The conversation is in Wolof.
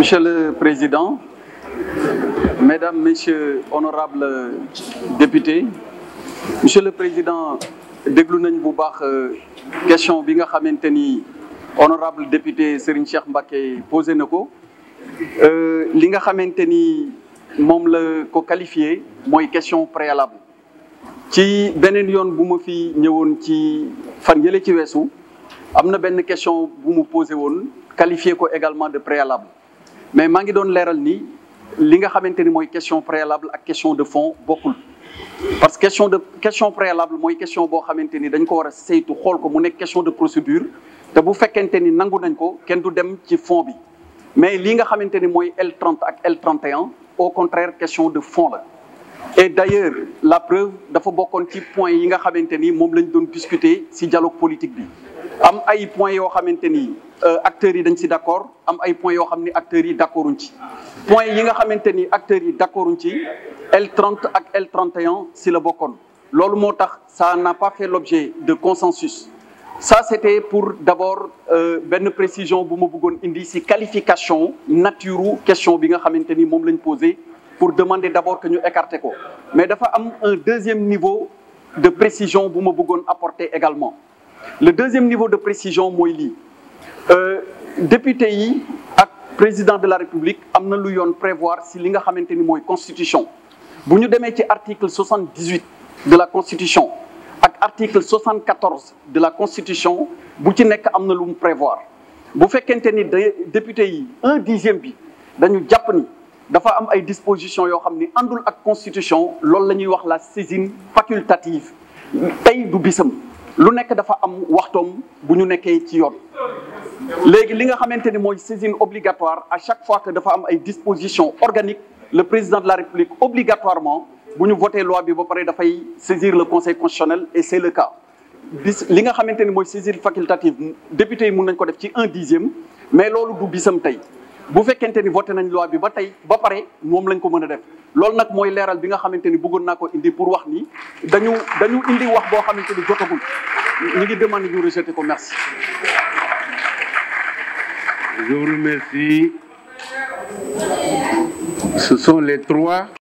Monsieur le Président, Mesdames, Messieurs, honorables députés, Monsieur le Président déglu nañ bu baax euh, question bi nga xamante ni honorable député Serigne Cheikh Mbacké posé na ko euh, li nga xamante ni moom la ko qualifié mooy question préalable ci beneen yoon bu ma fi ñëwoon ci fan yële ci weesu am na benn question bu mu posé woon qualifié ko également de préalable mais maa ngi doon leeral ni li nga xamante ni mooy question préalable ak question de fond bokkul parce que question de question préalable mooy question boo xamante ni dañ ko war a saytu xool ko mu nekk question de procédure te bu fekkente ni nangu nañ ko kenn du dem ci fond bi mais li nga xamante ni mooy l ak L31 au contraire question de fond la et d'ailleurs la preuve dafa bokkoon ci point yi nga xamante ni moom lañ doon discuter ci dialogue politique bi am ay point yoo xamante ni euh, acteurs yi dañ si d' accord am ay points yoo xam ni acteurs yi d' ci points yi nga xamante ni acteurs yi d' accorduñ ci l ak L31 si la bokkoon loolu moo tax saa n'a pas fait l'objet de consensus ça c'était pour d'abord euh, benn précision bu ma bëggoon indi si qualification nature question bi nga xamante ni moom lañ posé pour demander d'abord que ñu écarter ko mais dafa am un deuxième niveau de précision bu ma bëggoon apporter également le deuxième niveau de précision mooy lii euh, député yi ak président de la république am na lu yoon prévoir si li nga xamante ni mooy constitution bu ñu demee ci article 78 de la constitution ak article 74 de la constitution bu ci nekk am na lu mu prévoir bu fekkente ni député yi un dixième bi dañu jàpp ni dafa am ay dispositions yoo xam ni àndul ak constitution loolu la ñuy wax la saisine facultative tey du bisam lu nekk dafa am waxtoom bu ñu nekkee ci yoon léegi li nga xamante ni mooy saisine obligatoire à chaque fois que dafa am ay dispositions organiques le président de la république obligatoirement bu ñu voté loi bi ba pare dafay saisir le conseil constitutionnel et c'est le cas bis li nga xamante ni mooy saisine facultative député yi mun nañ ko def ci un dixième mais loolu du bisam tey bu fekkente ni voté nañ loi bi ba tey ba pare moom lañ ko mën a def loolu nag mooy leeral bi nga xamante ni bëggoon naa ko indi pour wax ni dañu dañu indi wax boo xamante ni jotagul ñu ngi demandé ñu rejeté ko merci. Je vous remercie. Ce sont les trois.